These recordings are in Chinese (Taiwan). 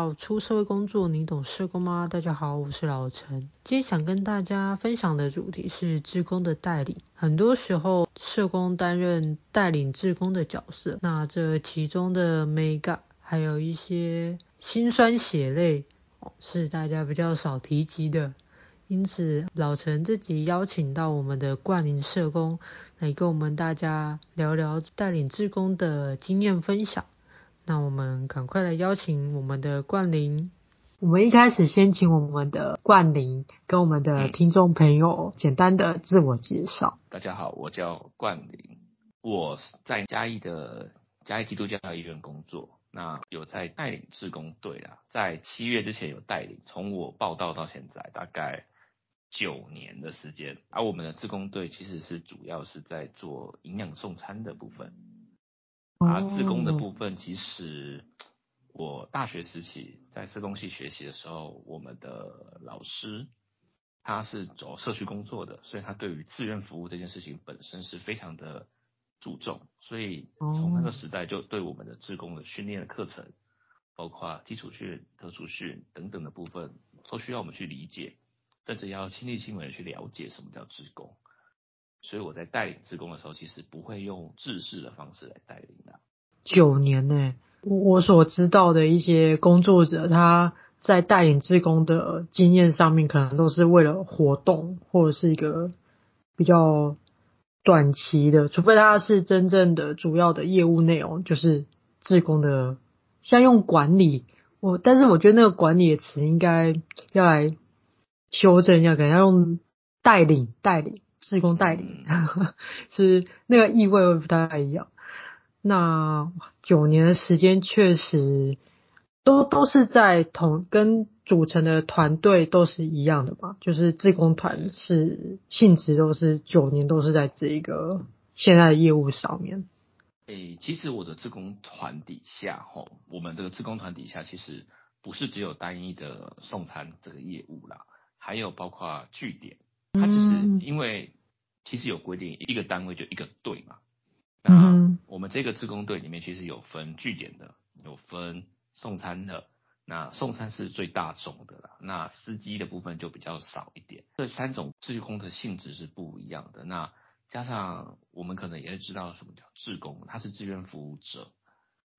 要出社會工作，你懂社工嗎？大家好，我是老陳，今天想跟大家分享的主題是志工的帶領。很多時候，社工擔任帶領志工的角色，那這其中的 mega 還有一些心酸血淚，是大家比較少提及的。因此，老陳這集邀請到我們的冠霖社工，來跟我們大家聊聊帶領志工的經驗分享。那我們趕快來邀請我們的冠霖。我們一開始先請我們的冠霖跟我們的聽眾朋友簡單的自我介紹。嗯，大家好，我叫冠霖，我在嘉義的嘉義基督教醫院工作。那有在帶領志工隊啦，在七月之前有帶領，從我報到到現在大概九年的時間。而我們的志工隊其實是主要是在做營養送餐的部分。啊，志工的部分，其實我大學時期在社工系學習的時候，我們的老師他是走社區工作的，所以他對於志願服務這件事情本身是非常的注重。所以從那個時代就對我們的志工的訓練的課程，包括基礎訓練、特殊訓等等的部分，都需要我們去理解，甚至要親力親為的去了解什麼叫志工。所以我在帶領志工的時候，其實不會用制式的方式來帶領的。九年呢、欸，我所知道的一些工作者，他在帶領志工的經驗上面，可能都是為了活動或者是一個比較短期的，除非他是真正的主要的業務內容，就是志工的像用管理。我但是我覺得那個管理詞應該要來修正一下，可能要用帶領帶領。志工代理、嗯、 是那個意味會不太一樣。那九年的時間確實都都是在同跟組成的團隊都是一樣的嘛？就是志工團是性質都是九年，都是在這個現在的業務上面。誒、欸，其實我的志工團底下，吼，我們這個志工團底下其實不是只有單一的送餐這個業務啦，還有包括據點。嗯，他只是因為其實有規定，一個單位就一個隊嘛。那我們這個志工隊裡面其實有分據點的，有分送餐的。那送餐是最大眾的啦。那司機的部分就比較少一點。這三種志工的性質是不一樣的。那加上我們可能也會知道什麼叫志工，他是志願服務者。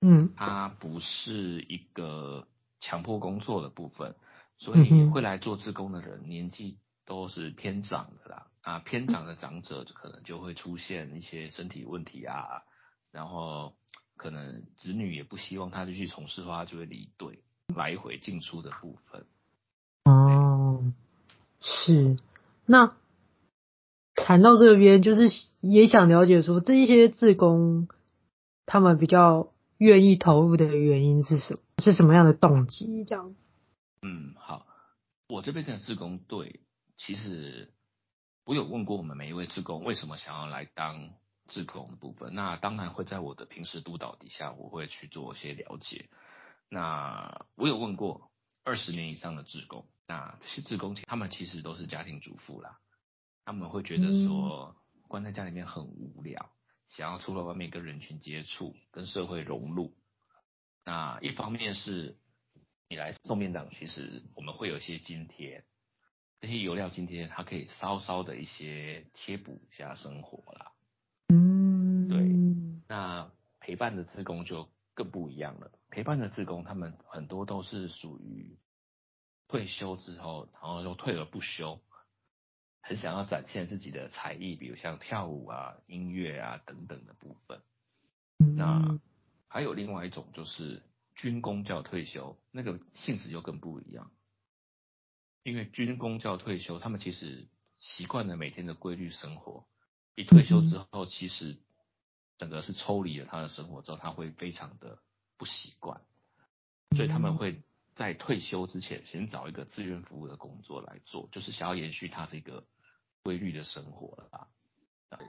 嗯，他不是一個強迫工作的部分，所以會來做志工的人年紀，都是偏長的啦啊，偏長的長者就可能就會出現一些身體問題啊，嗯、然後可能子女也不希望他就去從事的話，就會離隊來回進出的部分。哦、嗯，對是那談到這邊，就是也想了解說，這一些志工，他們比較願意投入的原因是什麼？是什麼樣的動機？這樣？嗯，好，我這邊的志工對。其實我有問過我們每一位志工為什麼想要來當志工的部分，那當然會在我的平時督導底下，我會去做一些了解。那我有問過二十年以上的志工，那這些志工他們其實都是家庭主婦啦，他們會覺得說關在家裡面很無聊，想要出來外面跟人群接觸，跟社會融入。那一方面是你來送面黨，其實我們會有一些津貼。這些油料今天它可以稍稍的一些貼補一下生活啦，嗯，對。那陪伴的志工就更不一樣了，陪伴的志工他們很多都是屬於退休之後，然後就退而不休，很想要展現自己的才藝，比如像跳舞啊、音樂啊等等的部分。那還有另外一種就是軍公教退休，那個性質就更不一樣。因為軍公教退休，他們其實習慣了每天的規律生活。一退休之後，其實整個是抽離了他的生活之後，他會非常的不習慣。所以他們會在退休之前先找一個志願服務的工作來做，就是想要延續他這個規律的生活了吧？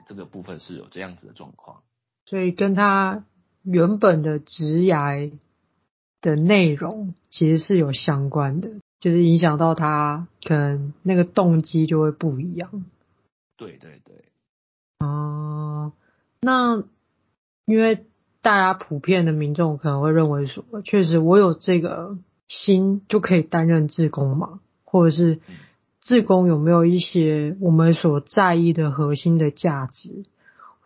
這個部分是有這樣子的狀況。所以跟他原本的職涯的內容其實是有相關的。就是影響到他，可能那個動機就會不一樣。對對對。哦、呃，那因為大家普遍的民眾可能會認為說，確實我有這個心就可以擔任志工嘛，或者是志工有沒有一些我們所在意的核心的價值，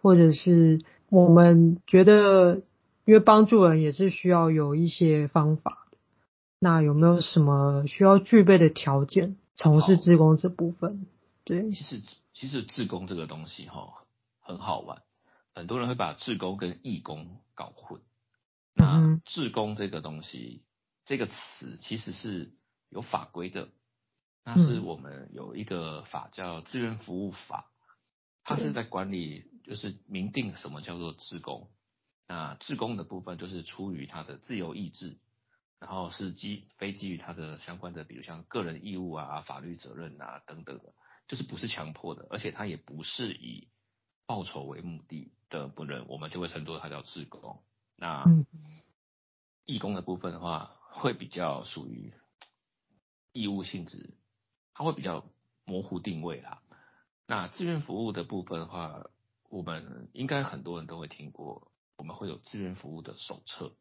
或者是我們覺得，因為幫助人也是需要有一些方法。那有沒有什麼需要具備的條件從事志工這部分？對，其實其實志工這個東西哈很好玩，很多人會把志工跟義工搞混。嗯、哼那志工這個東西這個詞其實是有法規的，那是我們有一個法叫《志願服務法》嗯，它是在管理，就是明定什麼叫做志工。那志工的部分就是出於他的自由意志。然後是基非基於他的相關的，比如像個人義務啊、法律責任啊等等的，就是不是強迫的，而且他也不是以報酬為目的的。不能，我們就會稱作他叫志工。那義工的部分的話，會比較屬於義務性質，它會比較模糊定位啦。那志願服務的部分的話，我們應該很多人都會聽過，我們會有志願服務的手冊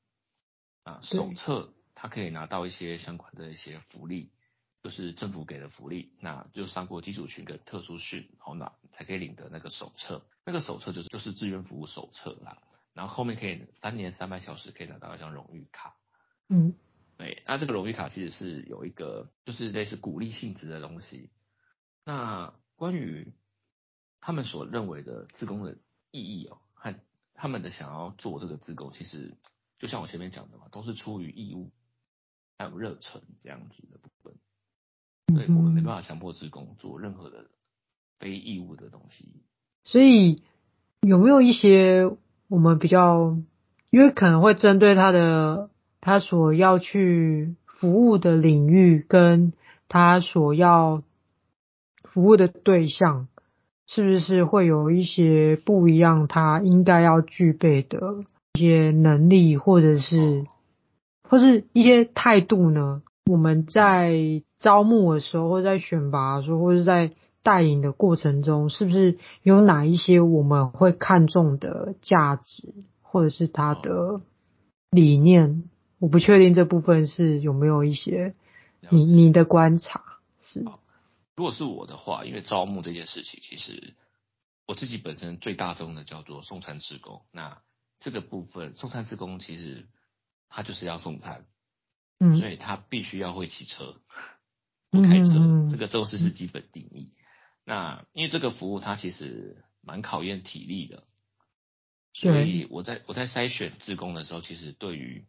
啊，手冊。他可以拿到一些相關的一些福利，就是政府給的福利。那就上過基礎訓跟特殊訓，然後才可以領得那個手冊。那個手冊就是就是志願服務手冊啦。然後後面可以三年三百小時可以拿到一張榮譽卡。嗯，對。那這個榮譽卡其實是有一個就是類似鼓勵性質的東西。那關於他們所認為的志工的意義哦、喔，和他們的想要做這個志工，其實就像我前面講的嘛，都是出於義務。還有熱忱這樣子的部分。對，我們沒辦法強迫志工做任何的非義務的東西。嗯。所以有沒有一些我們比較，因為可能會針對他的他所要去服務的領域，跟他所要服務的對象，是不是會有一些不一樣？他應該要具備的一些能力，或者是？或是一些態度呢？我們在招募的時候，或在選拔的時候，或是在帶領的過程中，是不是有哪一些我們會看重的價值，或者是他的理念？哦、我不確定這部分是有沒有一些你了解，你的觀察是。如果是我的話，因為招募這件事情，其實我自己本身最大宗的叫做送餐志工，那這個部分送餐志工其實。他就是要送餐，嗯、所以他必須要會騎車，不開車，嗯、這個就是是基本定義。嗯、那因為這個服務，它其實蠻考驗體力的，所以我在我在篩選志工的時候，其實對於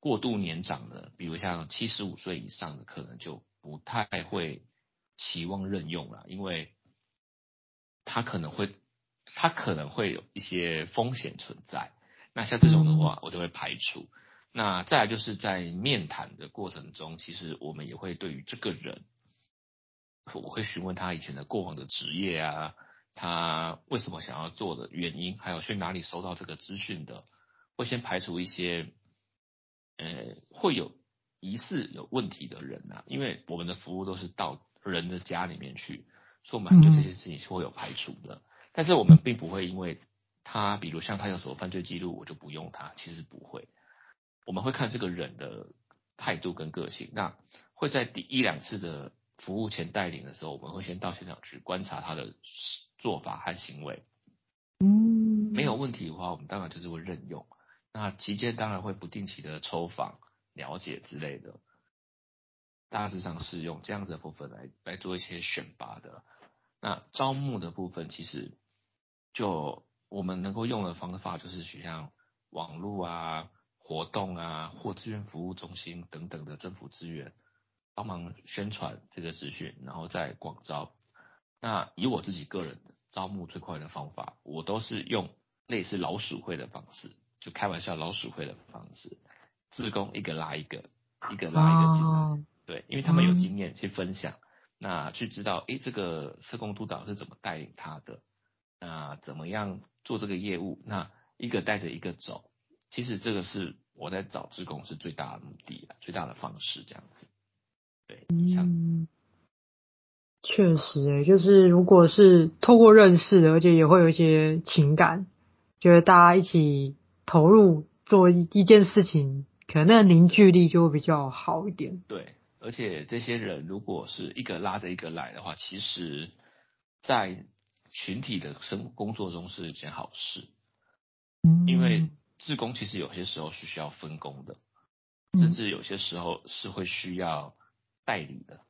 過度年長的，比如像七十五歲以上的，可能就不太會期望任用了，因為他可能會他可能會有一些風險存在。那像這種的話，嗯、我就會排除。那再來就是在面談的過程中，其實我們也會對於這個人，我會詢問他以前的過往的職業啊，他為什麼想要做的原因，還有去哪裡收到這個資訊的，會先排除一些，呃，會有疑似有問題的人吶啊。因為我們的服務都是到人的家裡面去，所以我們對這些事情是會有排除的。但是我們並不會因為他，比如像他有什麼犯罪記錄，我就不用他。其實不會。我們會看這個人的態度跟個性，那會在第一兩次的服務前帶領的時候，我們會先到現場去觀察他的做法和行為。嗯，沒有問題的話，我們當然就是會任用。那期間當然會不定期的抽訪、了解之類的，大致上是用這樣子的部分來來做一些選拔的。那招募的部分其實就我們能夠用的方法就是像網絡啊。活動啊，或志願服務中心等等的政府資源，幫忙宣傳這個資訊，然後再廣招。那以我自己個人招募最快的方法，我都是用類似老鼠會的方式，就開玩笑老鼠會的方式，志工一個拉一個，一個拉一個進、oh. 對，因為他們有經驗、mm. 去分享，那去知道，誒、欸、這個社工督導是怎麼帶領他的，那怎麼樣做這個業務，那一個帶着一個走。其實這個是我在找志工是最大的目的，最大的方式這樣子，對，像嗯，確實，哎，就是如果是透過認識的，而且也會有一些情感，覺得大家一起投入做一件事情，可能那個凝聚力就會比較好一點。對，而且這些人如果是一個拉着一個來的話，其實，在群體的生工作中是一件好事，嗯，因為。志工其實有些時候是需要分工的，甚至有些時候是會需要代理的。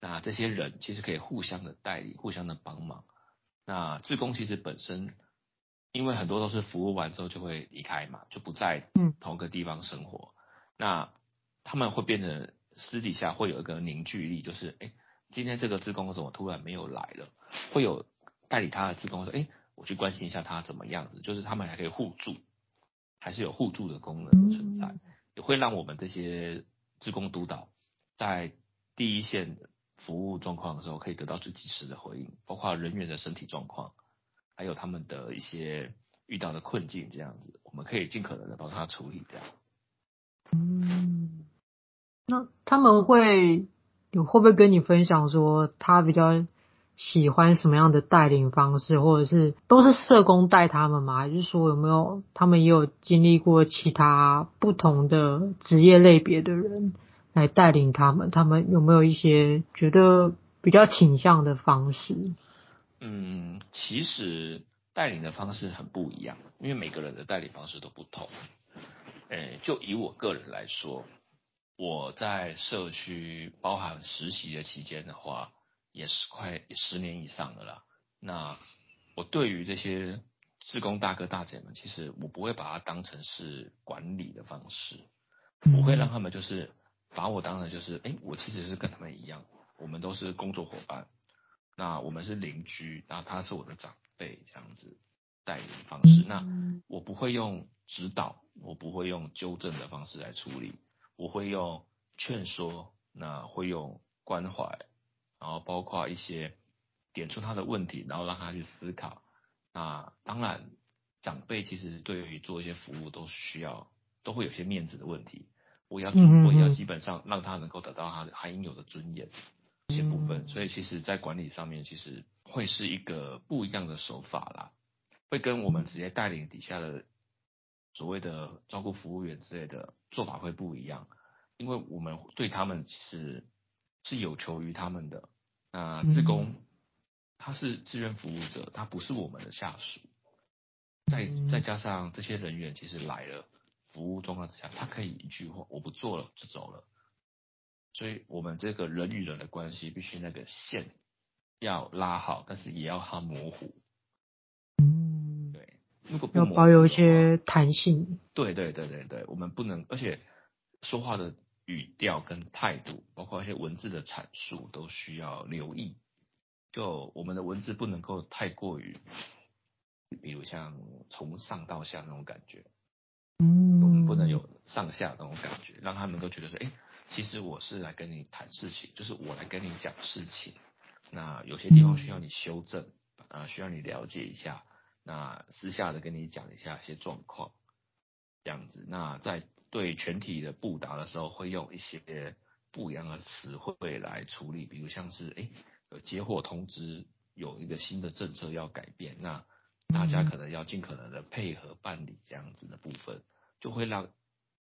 那這些人其實可以互相的代理，互相的幫忙。那志工其實本身，因為很多都是服務完之後就會離開嘛，就不在同個地方生活。嗯、那他們會變成私底下會有一個凝聚力，就是哎、欸，今天這個志工怎麼突然沒有來了？會有代理他的志工說，誒、欸，我去關心一下他怎麼樣子，就是他們還可以互助。還是有互助的功能的存在，也會讓我們這些志工督導在第一線服務狀況的時候，可以得到最及時的回應，包括人員的身體狀況，還有他們的一些遇到的困境，這樣子，我們可以盡可能的幫他處理掉。嗯，那他們會有會不會跟你分享說他比較？喜歡什麼樣的帶領方式，或者是都是社工帶他們嗎？還是說有沒有他們也有經歷過其他不同的職業類別的人來帶領他們？他們有沒有一些覺得比較傾向的方式？嗯，其實帶領的方式很不一樣，因為每個人的帶領方式都不同。誒，就以我個人來說，我在社區包含實習的期間的話。也是快十年以上的啦，那我對於這些志工大哥大姐們，其實我不會把他當成是管理的方式，我會讓他們就是把我當成就是，哎，我其實是跟他們一樣，我們都是工作夥伴。那我們是鄰居，那他是我的長輩，這樣子帶領方式。那我不會用指導，我不會用糾正的方式來處理，我會用勸說，那會用關懷。然後包括一些點出他的問題，然後讓他去思考。那當然，長輩其實對於做一些服務都需要，都會有些面子的問題。我也要，我也要基本上讓他能夠得到他還應有的尊嚴，mm hmm. 一些部分。所以，其實，在管理上面，其實會是一個不一樣的手法啦，會跟我們直接帶領底下的所謂的照顧服務員之類的做法會不一樣，因為我們對他們其實。是有求於他們的。那志工，他是志願服務者，嗯、他不是我們的下屬。再、嗯、再加上這些人員，其實來了服務狀況之下，他可以一句話我不做了就走了。所以我們這個人與人的關係，必須那個線要拉好，但是也要它模糊。嗯，對。要保有一些彈性。對對對對對，我們不能，而且說話的。語調跟態度，包括一些文字的闡述，都需要留意。就我們的文字不能夠太過於，比如像從上到下那種感覺，嗯，我們不能有上下那種感覺，讓他們都覺得說，誒，其實我是來跟你談事情，就是我來跟你講事情。那有些地方需要你修正，啊，需要你了解一下，那私下的跟你講一下一些狀況，這樣子。那在。對全體的布達的時候，會用一些不一樣的詞彙來處理，比如像是誒，有接獲通知有一個新的政策要改變，那大家可能要盡可能的配合辦理這樣子的部分，就會讓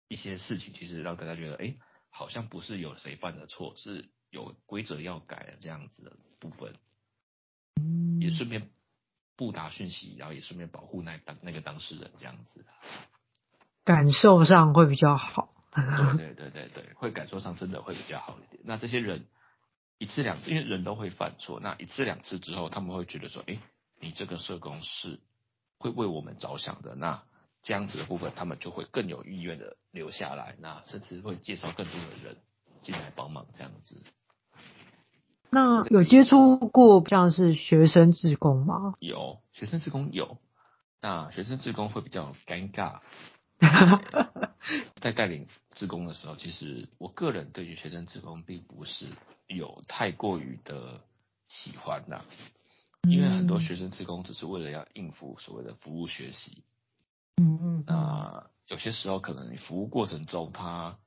一些事情其實讓大家覺得誒，好像不是有誰犯的錯，是有規則要改的這樣子的部分，也順便布達訊息，然後也順便保護那當那個當事人這樣子。感受上會比較好。 對，對對對對，會感受上真的會比較好一點。那這些人一次兩次，因為人都會犯錯，那一次兩次之後，他們會覺得說：“哎，你這個社工是會為我們着想的。”那這樣子的部分，他們就會更有意願的留下來，那甚至會介紹更多的人進來幫忙這樣子。那有接觸過像是學生志工嗎？有，學生志工有，那學生志工會比較尷尬。 在帶領志工的時候，其實我個人對於學生志工並不是有太過於的喜歡的，因為很多學生志工只是為了要應付所謂的服務學習。嗯嗯。那有些時候可能你服務過程中，他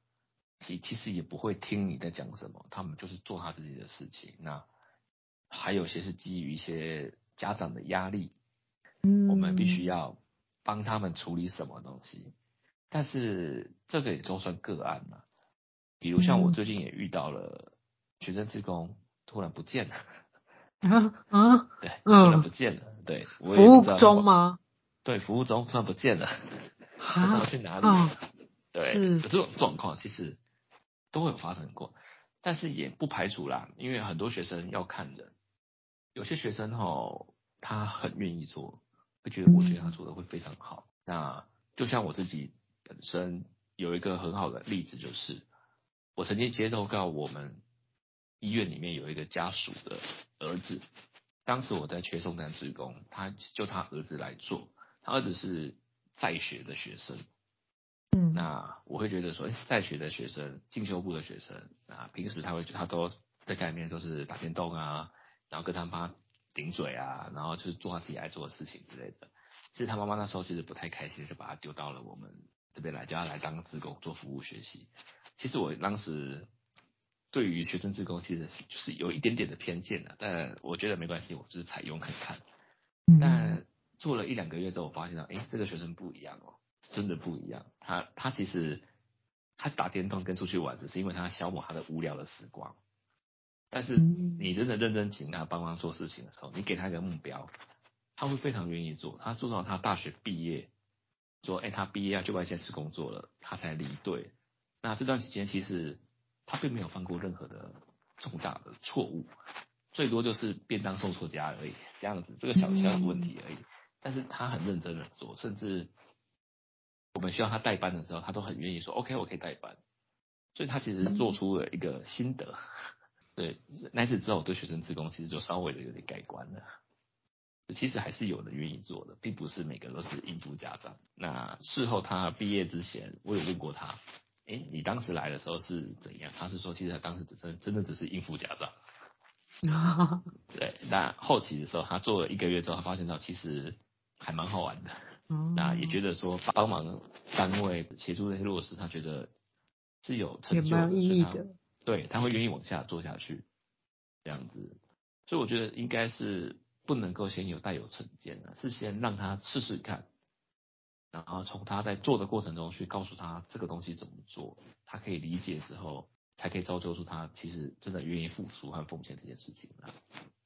其其實也不會聽你在講什麼，他們就是做他自己的事情。那還有些是基於一些家長的壓力，嗯，我們必須要幫他們處理什麼東西。但是這個也就算個案嘛，比如像我最近也遇到了、嗯、學生志工突然不見了，啊啊、嗯，嗯、對，突然不見了，對，服務中嗎？對，服務中突然不見了，啊哈，要去哪裡？啊、對，是這種狀況其實都會有發生過，但是也不排除啦，因為很多學生要看人，有些學生哈、哦，他很願意做，會覺得我覺得他做的會非常好，嗯、那就像我自己。本身有一個很好的例子，就是我曾經接受到我們醫院裡面有一個家屬的兒子，當時我在缺送站志工，他就他兒子來做，他兒子是在學的學生，嗯，那我會覺得說，哎，在學的學生，進修部的學生啊，平時他會他都在家裡面都是打電動啊，然後跟他媽頂嘴啊，然後就是做他自己愛做的事情之類的，其實他媽媽那時候其實不太開心，就把他丟到了我們。這邊來就要來當志工做服務學習。其實我當時對於學生志工，其實就是有一點點的偏見的，啊。但我覺得沒關係，我就是採用看看。但做了一兩個月之後，我發現到，哎、欸，這個學生不一樣哦，真的不一樣。他他其實他打電動跟出去玩，只是因為他消磨他的無聊的時光。但是你真的認真請他幫忙做事情的時候，你給他一個目標，他會非常願意做。他做到他大學畢業。說，誒、欸、他畢業要去外縣市工作了，他才離隊。那這段時間其實他並沒有犯過任何的重大的錯誤，最多就是便當送錯家而已，這樣子，這個小小的問題而已。但是他很認真的做，甚至我們需要他代班的時候，他都很願意說，OK，我可以代班。所以他其實做出了一個心得。對，那次之後，我對學生志工其實就稍微的有點改觀了。其實還是有人願意做的，並不是每個人都是應付家長。那事後他畢業之前，我有問過他，誒，你當時來的時候是怎樣？他是說，其實他當時只是真的只是應付家長。 對，那後期的時候，他做了一個月之後，他發現到其實還蠻好玩的。嗯、那也覺得說幫忙單位協助那些弱勢，他覺得是有成就的，的所以他對他會願意往下做下去。這樣子，所以我覺得應該是。不能夠先有帶有成見了，是先讓他試試看，然後從他在做的過程中去告訴他這個東西怎麼做，他可以理解之後，才可以造就出他其實真的願意付出和奉獻這件事情啊。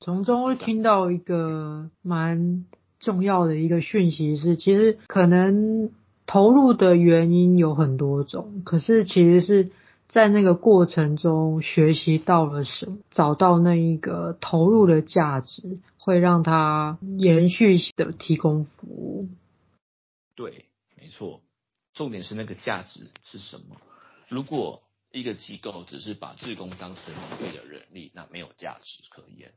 從中會聽到一個蠻重要的一個訊息是，其實可能投入的原因有很多種，可是其實是。在那個過程中學習到了什麼？找到那一個投入的價值，會讓他延續的提供服務。對，沒錯。重點是那個價值是什麼？如果一個機構只是把志工當成免費的人力，那沒有價值可言。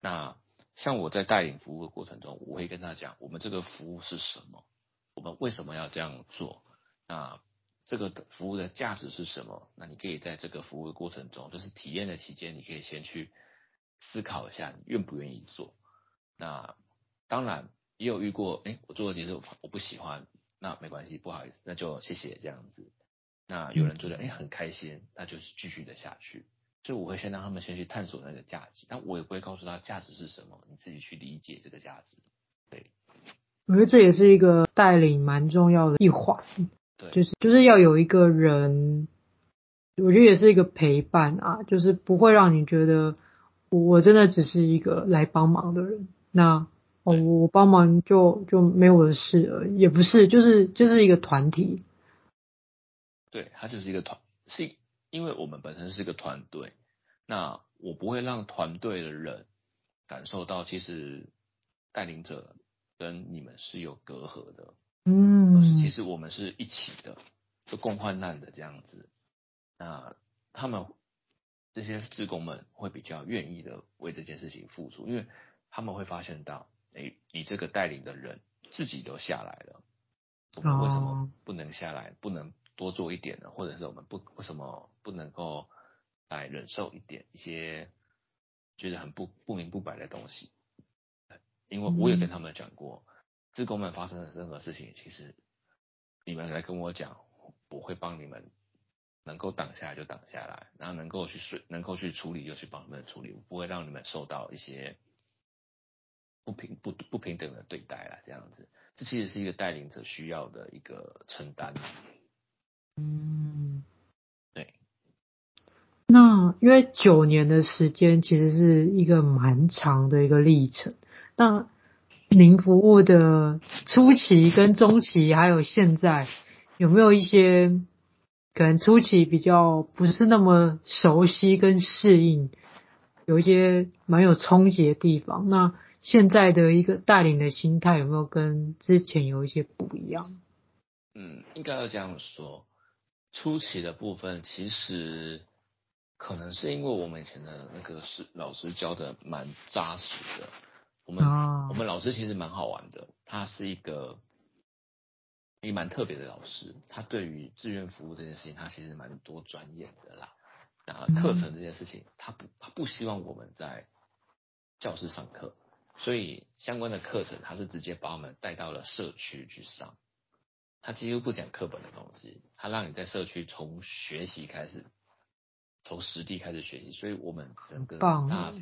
那像我在帶領服務的過程中，我會跟他講：我們這個服務是什麼？我們為什麼要這樣做？那。這個服務的價值是什麼？那你可以在這個服務的過程中，就是體驗的期間，你可以先去思考一下，你願不願意做。那當然也有遇過，誒我做的其實我不喜歡，那沒關係，不好意思，那就謝謝這樣子。那有人做的誒很開心，那就是繼續的下去。所以我會先讓他們先去探索那個價值，但我也不會告訴他價值是什麼，你自己去理解這個價值。對，我覺得這也是一個帶領蠻重要的一環。對就是就是要有一個人，我覺得也是一個陪伴啊，就是不會讓你覺得我，我真的只是一個來幫忙的人。那對、哦、我幫忙就就沒我的事了，也不是，就是就是一個團體。對，他就是一個團，是因為我們本身是一個團隊。那我不會讓團隊的人感受到，其實帶領者跟你們是有隔閡的。嗯。其實我們是一起的，是共患難的這樣子。那他們這些志工們會比較願意的為這件事情付出，因為他們會發現到，哎，你這個帶領的人自己都下來了，我們為什麼不能下來，不能多做一點呢？或者是我們不為什麼不能夠來忍受一點一些覺得很不不明不白的東西？因為我也跟他們講過，志工們發生了任何事情，其實。你們來跟我講，我會幫你們能夠擋下來就擋下來，然後能夠去順，能夠去處理就去幫你們處理，我不會讓你們受到一些不平不不平等的對待啦。這樣子，這其實是一個帶領者需要的一個承擔。嗯，對。那因為九年的時間其實是一個蠻長的一個歷程，那。您服務的初期跟中期，還有現在，有沒有一些可能初期比較不是那麼熟悉跟適應，有一些蠻有衝擊的地方？那現在的一個帶領的心態有沒有跟之前有一些不一樣？嗯，應該要這樣說，初期的部分其實可能是因為我們以前的那個是老師教的蠻紮實的。我們、oh. 我們老師其實蠻好玩的，他是一個也蠻特別的老師。他對於志願服務這件事情，他其實蠻多專業的啦。那課程這件事情，他不他不希望我們在教室上課，所以相關的課程他是直接把我們帶到了社區去上。他幾乎不講課本的東西，他讓你在社區從學習開始，從實地開始學習。所以我們整個棒那。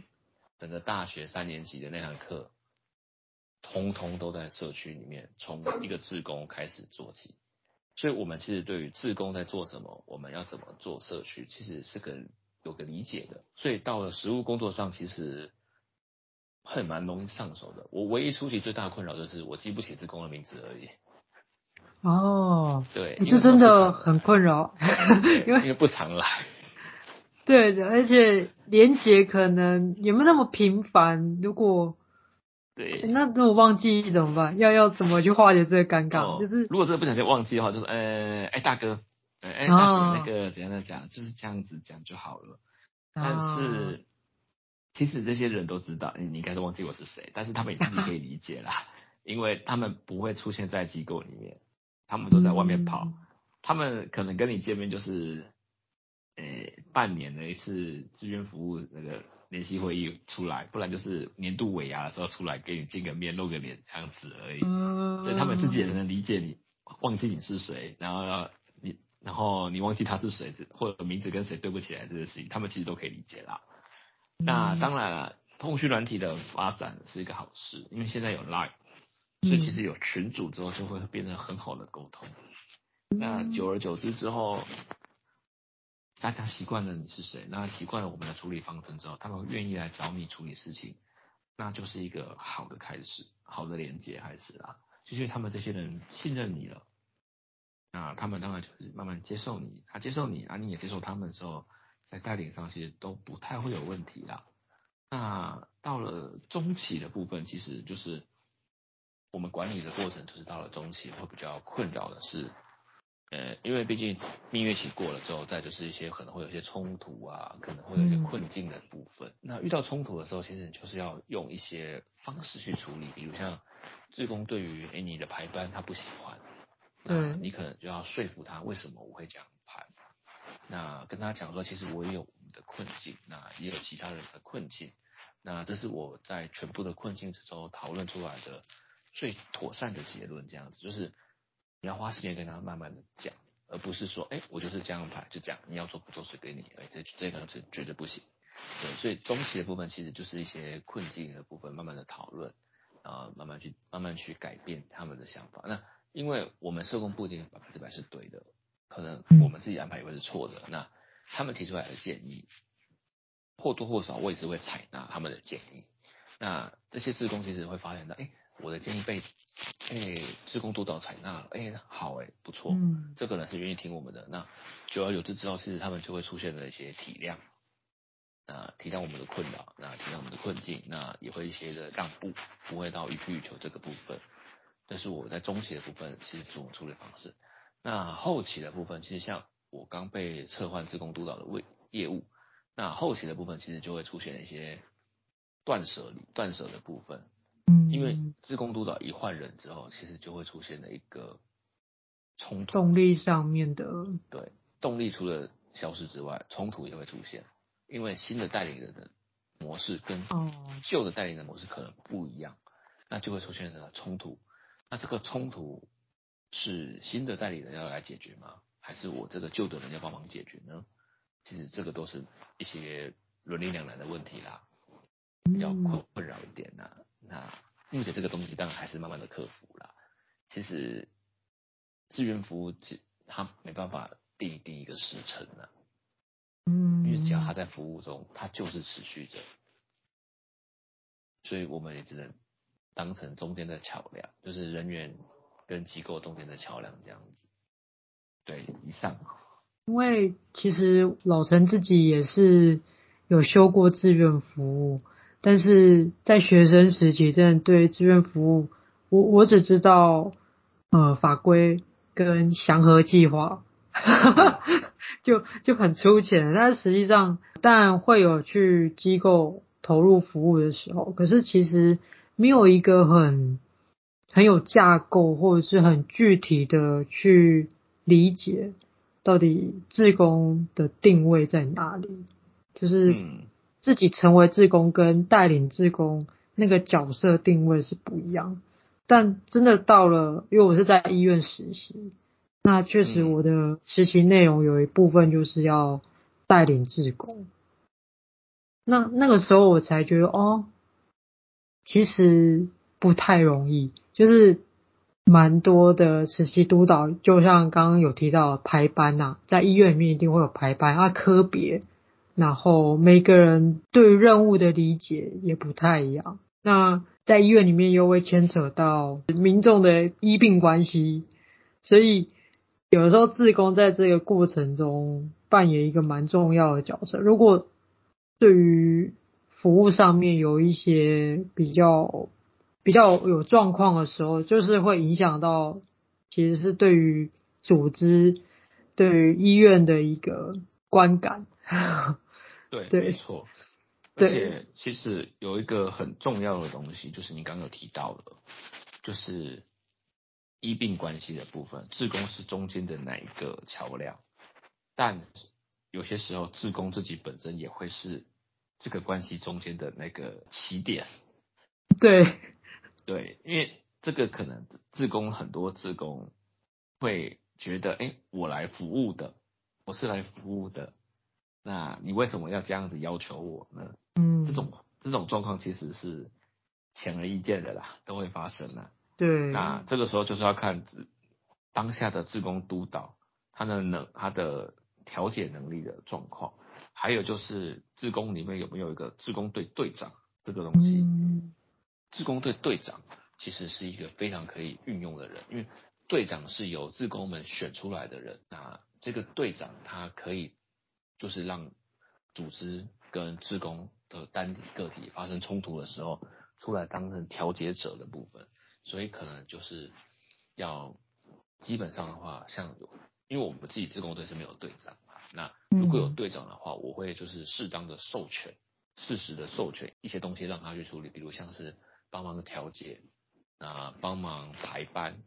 整個大學三年級的那堂課，通通都在社區裡面，從一個志工開始做起。所以，我們其實對於志工在做什麼，我們要怎麼做社區，其實是個有個理解的。所以，到了實務工作上，其實很蠻容易上手的。我唯一初期最大的困擾就是，我記不起志工的名字而已。哦，對，你就真的因為很困擾， 因為因為不常來。對，而且連結可能也沒有那麼頻繁。如果對、欸，那如果我忘記怎麼辦？要要怎麼去化解這個尷尬？果就是如果真的不小心忘記的話，就是呃，哎、欸欸、大哥，哎大姐，啊、那，那個怎樣怎講，就是這樣子講就好了。但是、啊、其實這些人都知道，你應該是忘記我是誰，但是他們也自己可以理解啦， 因為他們不會出現在機構裡面，他們都在外面跑，嗯、他們可能跟你見面就是。呃、欸，半年的一次志願服務那個聯席會議出來，不然就是年度尾牙的時候出來給你見個面、露個臉這樣子而已。所以他們自己也能理解你忘記你是誰，然後你然後你忘記他是誰，或者名字跟誰對不起來這個事情，他們其實都可以理解啦。嗯、那當然了，通訊軟體的發展是一個好事，因為現在有 LINE，所以其實有群組之後就會變成很好的溝通。嗯、那久而久之之後。大家習慣了你是誰，那習慣了我們的處理方針之後，他們願意來找你處理事情，那就是一個好的開始，好的連接開始啊，就是他們這些人信任你了，那他們當然就是慢慢接受你，他接受你，而你也接受他們之後，在帶領上其實都不太會有問題啦。那到了中期的部分，其實就是我們管理的過程，就是到了中期會比較困擾的是。呃，因為畢竟蜜月期過了之後，再就是一些可能會有一些衝突啊，可能會有一些困境的部分。嗯、那遇到衝突的時候，其實你就是要用一些方式去處理，比如像志工對於誒你的排班他不喜歡，嗯，你可能就要說服他為什麼我會這樣排，嗯、那跟他講說，其實我也有我們的困境，那也有其他人的困境，那這是我在全部的困境之中討論出來的最妥善的結論，這樣子就是。你要花時間跟他慢慢的講，而不是說，誒、欸、我就是這樣安排就講，你要做不做隨便你，誒、欸、這這個是絕對不行，對。所以中期的部分其實就是一些困境的部分，慢慢的討論，然後慢慢去慢慢去改變他們的想法。那因為我們社工不一定百分之百是對的，可能我們自己安排也會是錯的。那他們提出來的建議或多或少，我也是會採納他們的建議。那這些志工其實會發現到，誒、欸我的建議被誒志工督導採納了，誒、欸、好誒、欸、不錯，嗯，這個人是願意聽我們的。那久而久之之後，其實他們就會出現了一些體諒，那體諒我們的困擾，那體諒我們的困境，那也會一些的讓步，不會到欲求，求這個部分。但是我在中期的部分，其實這種處理方式。那後期的部分，其實像我剛被撤換志工督導的位業務，那後期的部分其實就會出現一些斷舍離、斷舍的部分。嗯，因為志工督導一換人之後，其實就會出現了一個衝突。動力上面的，對，動力除了消失之外，衝突也會出現。因為新的代理人的模式跟舊的代理人的模式可能不一樣，哦、那就會出現了衝突。那這個衝突是新的代理人要來解決嗎？還是我這個舊的人要幫忙解決呢？其實這個都是一些倫理兩難的問題啦，比較困困擾一點呢。嗯那並且這個東西當然還是慢慢的克服了。其實志願服務它沒辦法定第一,一個時程了，嗯，因為只要他在服務中，他就是持續着，所以我們也只能當成中間的橋梁，就是人員跟機構中間的橋梁這樣子。對，以上。因為其實老陳自己也是有修過志願服務。但是在學生時期，真的對志願服務，我我只知道，呃，法規跟祥和計劃， 就就很粗淺。但實際上，但會有去機構投入服務的時候，可是其實沒有一個很很有架構或者是很具體的去理解到底志工的定位在哪裡，就是。自己成為志工跟帶領志工，那個角色定位是不一樣，但真的到了，因為我是在醫院實習，那確實我的實習內容有一部分就是要帶領志工，那那個時候我才覺得哦，其實不太容易，就是蠻多的實習督導，就像剛剛有提到排班吶、啊，在醫院裡面一定會有排班啊科別。然後每個人對於任務的理解也不太一樣。那在醫院裡面，又會牽扯到民眾的醫病關係，所以有的時候志工在這個過程中扮演一個蠻重要的角色。如果對於服務上面有一些比較比較有狀況的時候，就是會影響到，其實是對於組織對於醫院的一個觀感。對，沒錯。而且其實有一個很重要的東西，就是你剛剛有提到了，就是醫病關係的部分，志工是中間的那一個橋樑，但有些時候，志工自己本身也會是這個關係中間的那個起點。對，對，因為這個可能志工，志工很多志工會覺得，哎，我來服務的，我是來服務的。那你為什麼要這樣子要求我呢？嗯這，這種這種狀況其實是顯而易見的啦，都會發生啦。對，那這個時候就是要看當下的志工督導，他的能，他的調解能力的狀況，還有就是志工裡面有沒有一個志工隊隊長這個東西。嗯，志工隊隊長其實是一個非常可以運用的人，因為隊長是由志工們選出來的人，那這個隊長他可以。就是讓組織跟志工的單體個體發生衝突的時候，出來當成調解者的部分，所以可能就是要基本上的話，像有因為我們自己志工隊是沒有隊長嘛，那如果有隊長的話，我會就是適當的授權，適時的授權一些東西讓他去處理，比如像是幫忙調解，啊，幫忙排班，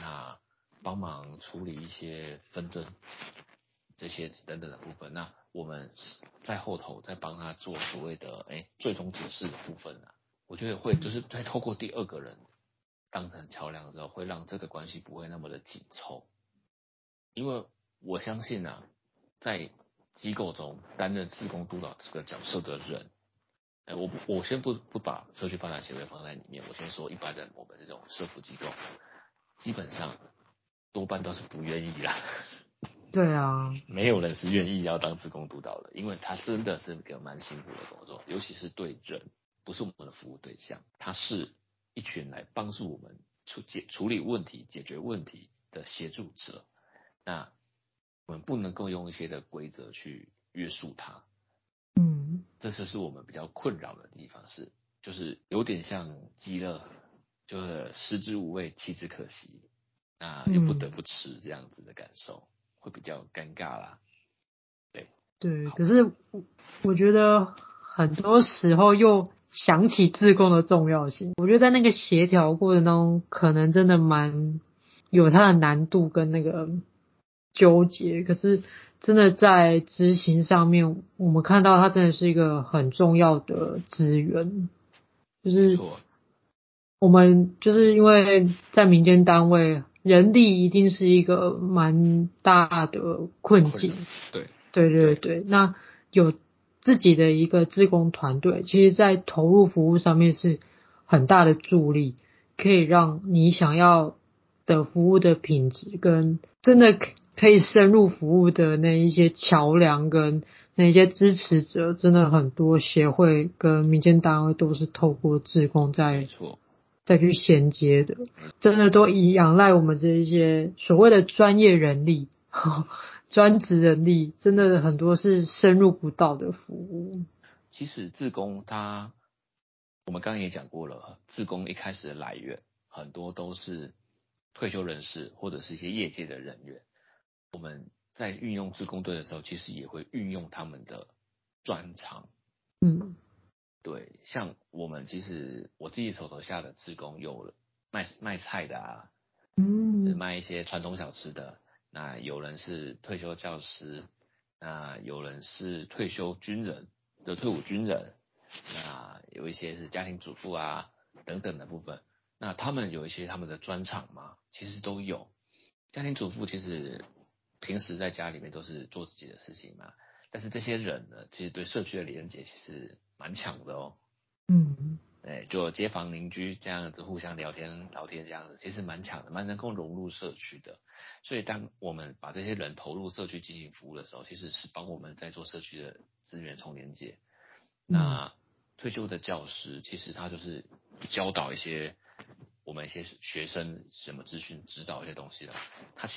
啊，幫忙處理一些紛爭。這些等等的部分，那我們在後頭再幫他做所謂的哎最終解釋的部分啊，我覺得會就是再透過第二個人當成橋樑之後，會讓這個關係不會那麼的緊湊，因為我相信啊，在機構中擔任志工督導這個角色的人，誒我不我先不不把社區發展協會放在裡面，我先說一般的我們這種社福機構，基本上多半都是不願意啦。對啊，沒有人是願意要當志工督導的，因為他真的是一個蠻辛苦的工作，尤其是對人，不是我們的服務對象，他是一群來幫助我們處解處理問題、解決問題的協助者。那我們不能夠用一些的規則去約束他，嗯，這就是我們比較困擾的地方，是就是有點像雞肋，就是食之無味，棄之可惜，那又不得不吃這樣子的感受。嗯會比較尷尬啦，對對，好可是我，我覺得很多時候又想起志工的重要性，我覺得在那個協調過程當中，可能真的蠻有它的難度跟那個糾結。可是真的在執行上面，我們看到它真的是一個很重要的資源，就是我們就是因為在民間單位。人力一定是一個蠻大的困境，對，對對對對。對。那有自己的一個志工團隊，其實在投入服務上面是很大的助力，可以讓你想要的服務的品質跟真的可以深入服務的那一些橋樑跟那些支持者，真的很多協會跟民間單位都是透過志工在。沒錯。再去銜接的，真的都以仰賴我們這一些所謂的專業人力、專職人力，真的很多是深入不到的服務。其實，志工它，我們剛剛也講過了，志工一開始的來源，很多都是退休人士或者是一些業界的人員。我們在運用志工隊的時候，其實也會運用他們的專長。嗯。對，像我們其實我自己手頭下的志工有，有人賣賣菜的啊，嗯，賣一些傳統小吃的，那有人是退休教師，那有人是退休軍人的退伍軍人，那有一些是家庭主婦啊等等的部分，那他們有一些他們的專場嘛，其實都有。家庭主婦其實平時在家裡面都是做自己的事情嘛，但是這些人呢，其實對社區的連結其實。蠻強的哦，喔，嗯，哎、欸，就街坊鄰居這樣子互相聊天，聊天這樣子，其實蠻強的，蠻能夠融入社區的。所以，當我們把這些人投入社區進行服務的時候，其實是幫我們在做社區的資源重連接。那退休的教師，其實他就是教導一些我們一些學生什麼資訊、指導一些東西的。他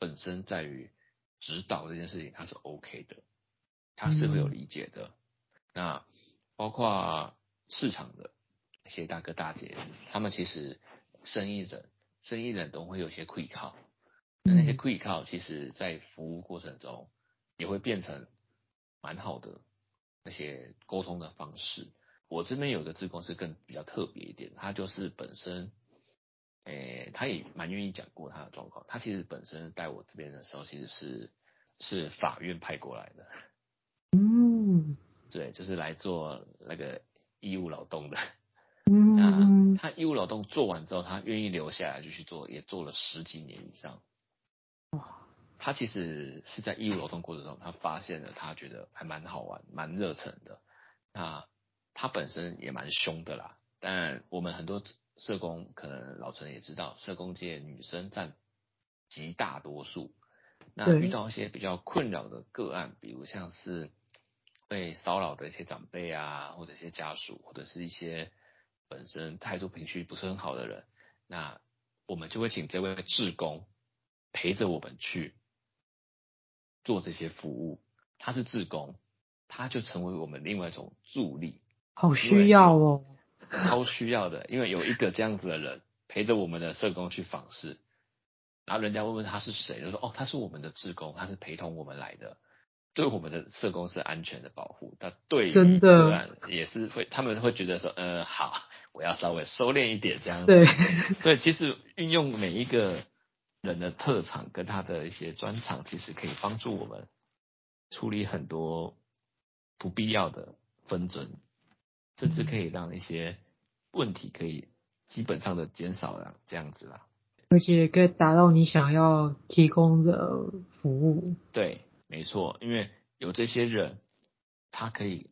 本身在於指導這件事情，他是 OK 的，他是會有理解的。嗯、那包括市場的那些大哥大姐，他們其實生意人、生意人都會有些虧靠，那些虧靠其實，在服務過程中也會變成蠻好的那些溝通的方式。我這邊有一個志工是更比較特別一點，他就是本身，誒、欸，他也蠻願意講過他的狀況。他其實本身帶我這邊的時候，其實是是法院派過來的。對，就是來做那個義務勞動的。嗯， 他義務勞動做完之後，他願意留下來就去做，也做了十幾年以上。哇，他其實是在義務勞動過程中，他發現了，他覺得還蠻好玩，蠻熱誠的。那他本身也蠻兇的啦，但我們很多社工，可能老陳也知道，社工界女生佔極大多數。那遇到一些比較困擾的個案，對比如像是。被騷擾的一些長輩啊，或者一些家屬，或者是一些本身態度情緒不是很好的人，那我們就會請這位志工陪着我們去做這些服務。他是志工，他就成為我們另外一種助力。好需要哦，超需要的，因為有一個這樣子的人陪着我們的社工去訪視，然後人家問問他是誰，就說哦，他是我們的志工，他是陪同我們來的。對我們的社工是安全的保護，但對於也是會，他們會覺得說，呃，好，我要稍微收斂一點這樣。對，對，其實運用每一個人的特長跟他的一些專長，其實可以幫助我們處理很多不必要的紛爭，甚至可以讓一些問題可以基本上的減少了這樣子啦。而且可以達到你想要提供的服務。對。沒錯，因為有這些人，他可以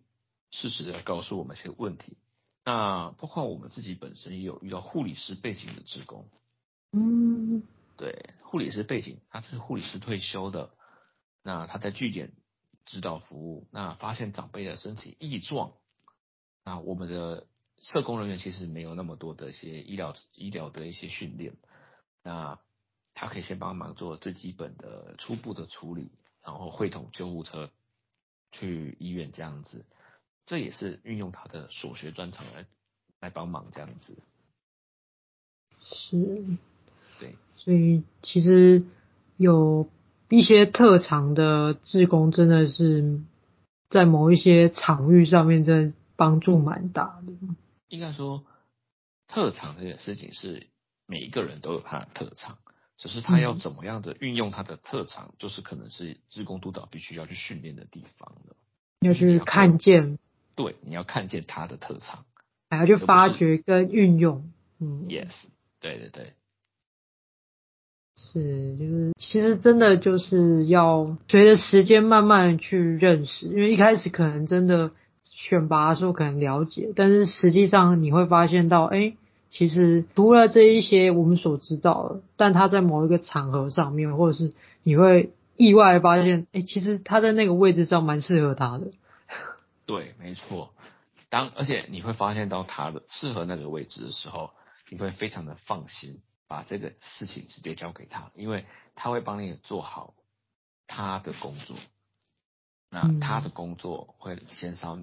適時的告訴我們一些問題。那包括我們自己本身也有遇到護理師背景的志工，嗯，對，護理師背景，他是護理師退休的，那他在據點指導服務，那發現長輩的身體異狀，那我們的社工人員其實沒有那麼多的一些醫療醫療的一些訓練，那他可以先幫忙做最基本的初步的處理。然後會同救護車去醫院這樣子，這也是運用他的所學專長來來幫忙這樣子。是，對，所以其實有一些特長的志工，真的是在某一些場域上面在幫助蠻大的。應該說，特長這件事情是每一個人都有他的特長。只是他要怎麼樣的運用他的特長，嗯、就是可能是志工督導必須要去訓練的地方要去看見要要，對，你要看見他的特長，還要去發掘跟運用。嗯，Yes，對對對，是就是其實真的就是要隨着時間慢慢去認識，因為一開始可能真的選拔的時候可能了解，但是實際上你會發現到，哎、欸。其實讀了這一些，我們所知道的，但他在某一個場合上面，或者是你會意外發現，哎、欸，其實他在那個位置上蠻適合他的。對，沒錯。當而且你會發現到他適合那個位置的時候，你會非常的放心，把這個事情直接交給他，因為他會幫你做好他的工作。那他的工作會減少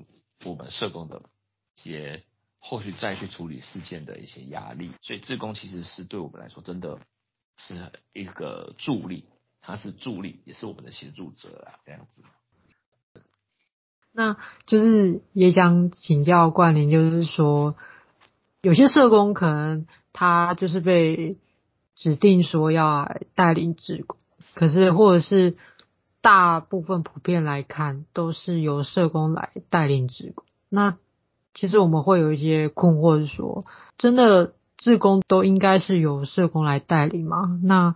我們社工的一些。後續再去處理事件的一些壓力，所以志工其實是對我們來說真的是一個助力，他是助力也是我們的協助者啊，這樣子。那就是也想請教冠霖，就是說有些社工可能他就是被指定說要帶領志工，可是或者是大部分普遍來看都是由社工來帶領志工，那。其實我們會有一些困惑是說，說真的，志工都應該是由社工來帶領嗎？那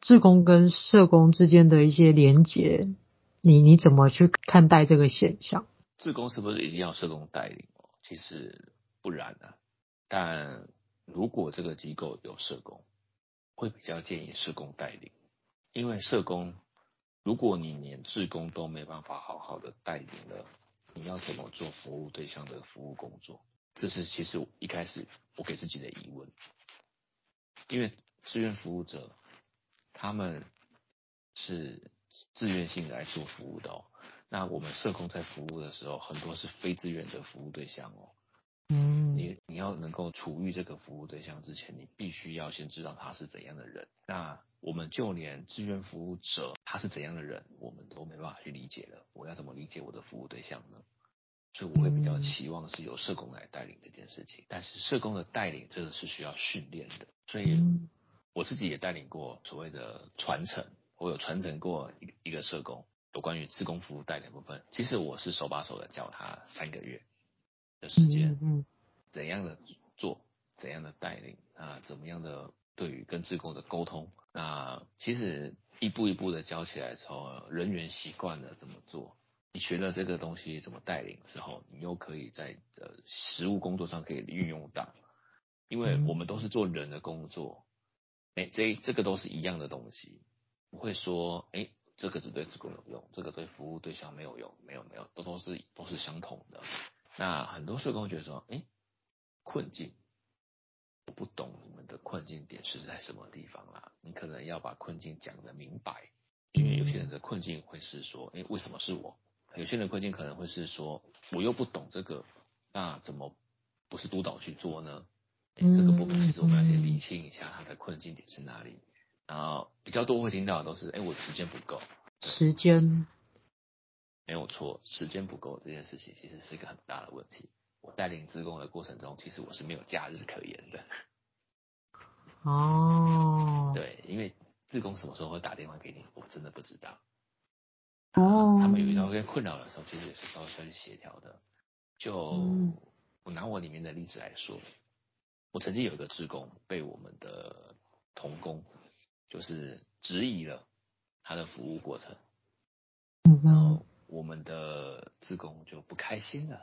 志工跟社工之間的一些連結，你你怎麼去看待這個現象？志工是不是一定要社工帶領？其實不然的，啊。但如果這個機構有社工，會比較建議社工帶領，因為社工如果你連志工都沒辦法好好的帶領了。你要怎麼做服務對象的服務工作？這是其實一開始我給自己的疑問，因為志願服務者他們是自願性來做服務的哦，那我們社工在服務的時候，很多是非自願的服務對象哦。嗯，你你要能夠處遇這個服務對象之前，你必須要先知道他是怎樣的人。那我們就連志願服務者他是怎樣的人，我們都沒辦法去理解了。我要怎麼理解我的服務對象呢？所以我會比較期望是由社工來帶領這件事情。但是社工的帶領真的是需要訓練的，所以我自己也帶領過所謂的傳承。我有傳承過一一個社工，有關於志工服務帶領的部分，其實我是手把手的教他三個月。的時間，嗯，怎樣的做，怎樣的帶領啊、呃，怎麼樣的對於跟志工的溝通，那、呃、其實一步一步的教起來之後，人員習慣了怎麼做，你學了這個東西怎麼帶領之後，你又可以在呃實務工作上可以運用到，因為我們都是做人的工作，哎、欸，這這個都是一樣的東西，不會說哎、欸，這個只對志工有用，這個對服務對象沒有用，沒有沒有，都都是都是相同的。那很多社工會覺得說，哎、欸，困境，我不懂你們的困境點是在什麼地方啦？你可能要把困境講得明白，因為有些人的困境會是說，哎、欸，為什麼是我？有些人的困境可能會是說，我又不懂這個，那怎麼不是督導去做呢？欸、這個部分其實我們要先理清一下他的困境點是哪裡。然後比較多會聽到的都是，哎、欸，我時間不夠，時間。沒有錯，時間不夠這件事情其實是一個很大的問題。我帶領志工的過程中，其實我是沒有假日可言的。哦，oh. 對，因為志工什麼時候會打電話給你，我真的不知道。哦、oh. 呃，他們有遇到一些困擾的時候，其實也是需要去協調的。就我、mm. 拿我裡面的例子來說，我曾經有一個志工被我們的同工就是質疑了他的服務過程，mm hmm. 然後，我們的志工就不開心了，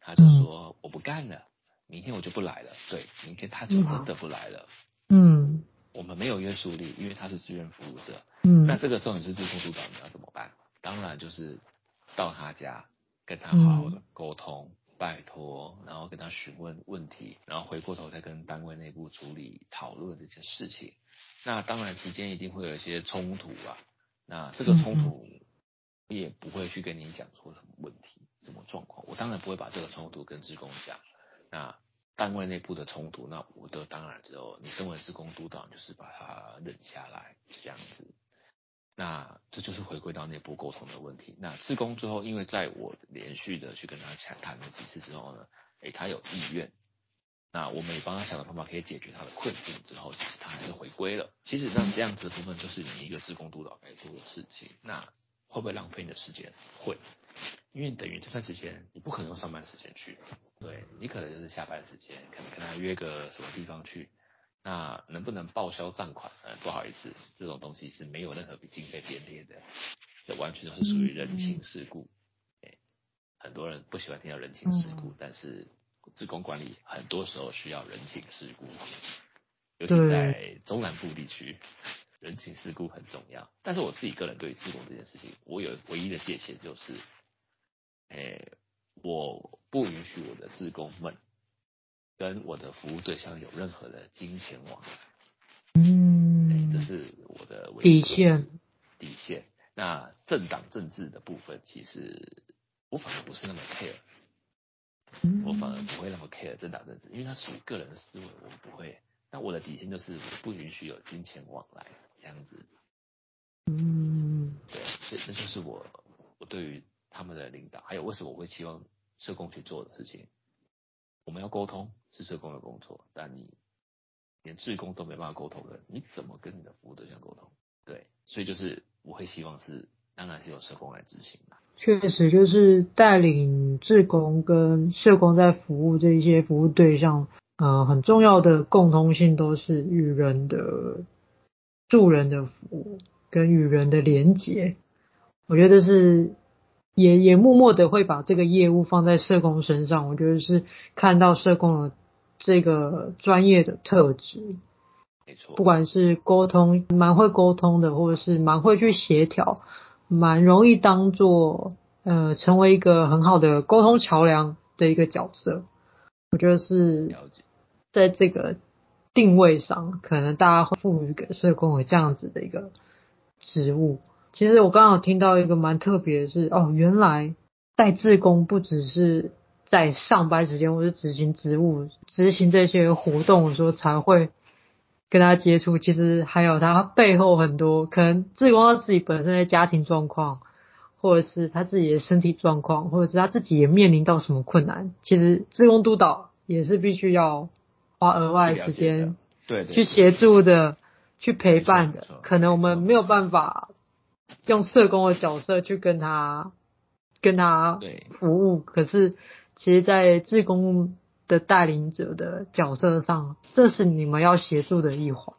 他就說、嗯、我不幹了，明天我就不來了。對，明天他就真的不來了。嗯，嗯，我們沒有約束力，因為他是志願服務者。嗯，那這個時候你是志工督導，你要怎麼辦？當然就是到他家跟他好、嗯、好的溝通，拜託，然後跟他詢問問題，然後回過頭再跟單位內部處理討論這件事情。那當然期間一定會有一些衝突啊，那這個衝突。嗯也不會去跟你講出什麼問題、什麼狀況。我當然不會把這個衝突跟志工講。那單位內部的衝突，那我的當然之後你身為志工督導，就是把他忍下來這樣子。那這就是回歸到內部溝通的問題。那志工之後，因為在我連續的去跟他談了幾次之後呢，誒、欸，他有意願。那我們也幫他想了辦法可以解決他的困境之後，其實他還是回歸了。其實像這樣子的部分，就是你一個志工督導該做的事情。那會不會浪費你的時間？會，因為等於這段時間你不可能用上班時間去，對你可能就是下班時間，可能跟他約個什麼地方去。那能不能報銷賬款？呃、不好意思，這種東西是沒有任何經費編列的，就完全都是屬於人情世故。嗯、很多人不喜歡聽到人情世故，嗯、但是志工管理很多時候需要人情世故，尤其在中南部地區。人情世故很重要，但是我自己個人對於志工這件事情，我有唯一的界限就是，誒、欸，我不允許我的志工們跟我的服務對象有任何的金錢往來。嗯、欸，這是我的底線。底線。那政黨政治的部分，其實我反而不是那麼 care。我反而不會那麼 care 政黨政治，嗯、因為它屬於個人的思維，我不會。那我的底線就是我不允許有金錢往來。這樣子，嗯，對，這就是我我對於他們的領導，還有為什麼我會希望社工去做的事情，我們要溝通是社工的工作，但你連志工都沒辦法溝通的，你怎麼跟你的服務對象溝通？對，所以就是我會希望是，當然是由社工來執行的啊。確實，就是帶領志工跟社工在服務這一些服務對象，嗯、呃，很重要的共通性都是與人的。助人的服務跟與人的連結，我覺得是也也默默的會把這個業務放在社工身上。我覺得是看到社工的這個專業的特質，不管是溝通，蠻會溝通的，或者是蠻會去協調，蠻容易當做呃成為一個很好的溝通橋樑的一個角色。我覺得是在這個。定位上，可能大家會賦予給社工有這樣子的一個職務。其實我剛好聽到一個蠻特別的是，哦，原來帶志工不只是在上班時間或者執行職務、執行這些活動的時候才會跟他接觸。其實還有他背後很多可能，志工他自己本身的家庭狀況，或者是他自己的身體狀況，或者是他自己也面臨到什麼困難，其實志工督導也是必須要。花額外的時間的對對對去協助的、對對對去陪伴的，錯可能我們沒有辦法用社工的角色去跟他、跟他服務。對可是，其實，在志工的帶領者的角色上，這是你們要協助的一環。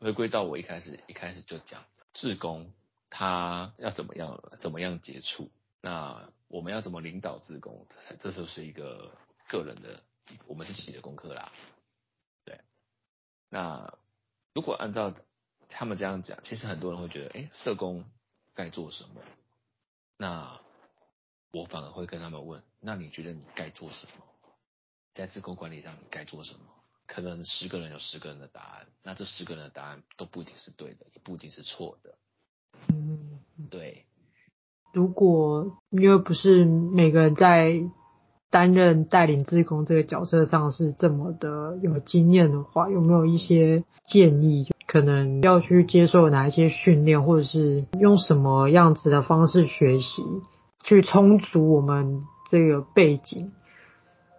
回歸到我一開始一開始就講，志工他要怎麼樣、怎麼樣接觸，那我們要怎麼領導志工，這時候是一個個人的，我們自己的功課啦。那如果按照他們這樣講，其實很多人會覺得，哎、欸，社工該做什麼？那我反而會跟他們問：那你覺得你該做什麼？在志工管理上，你該做什麼？可能十個人有十個人的答案，那這十個人的答案都不一定是對的，也不一定是錯的。嗯，對。如果因為不是每個人在，擔任帶領志工這個角色上是這麼的有經驗的話，有沒有一些建議？可能要去接受哪一些訓練，或者是用什麼樣子的方式學習，去充足我們這個背景，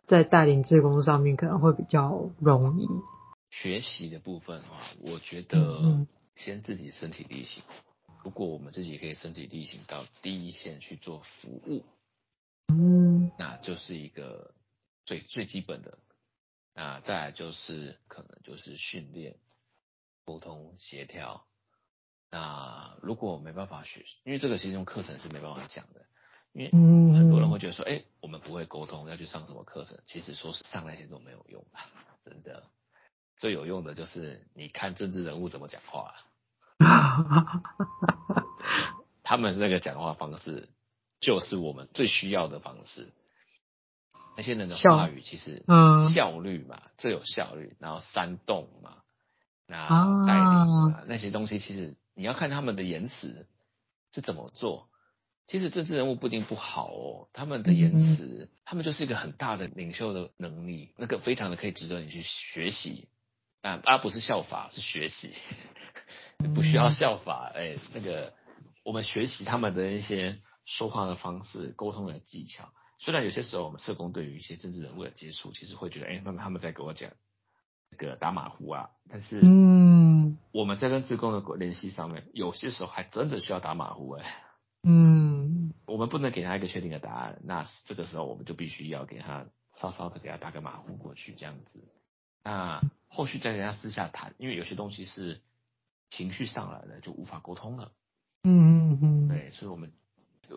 在帶領志工上面可能會比較容易。學習的部分的、啊、話，我覺得先自己身體力行。如果我們自己可以身體力行到第一線去做服務。嗯，那就是一個最最基本的。那再來就是可能就是訓練溝通協調。那如果沒辦法學，因為這個其實用課程是沒辦法講的。因為很多人會覺得說，哎、欸，我們不會溝通，要去上什麼課程？其實說是上那些都沒有用的，真的。最有用的就是你看政治人物怎麼講話，他們那個講話方式，就是我們最需要的方式。那些人的話語其實，嗯，效率嘛，嗯、最有效率。然後煽動嘛，那帶領、啊、那些東西，其實你要看他們的言辭是怎麼做。其實政治人物不一定不好哦，他們的言辭，嗯、他們就是一個很大的領袖的能力，那個非常的可以值得你去學習，啊，而、啊、不是效法，是學習， 不需要效法。哎、欸，那個我們學習他們的那些。說話的方式、溝通的技巧，雖然有些時候我們社工對於一些政治人物的接觸，其實會覺得，哎、欸，那他們在跟我講那個打馬虎啊，但是，嗯，我們在跟志工的聯繫上面，有些時候還真的需要打馬虎哎、欸，嗯，我們不能給他一個確定的答案，那這個時候我們就必須要給他稍稍的給他打個馬虎過去，這樣子，那後續再跟他私下談，因為有些東西是情緒上來了就無法溝通了，嗯嗯嗯，對，所以我們。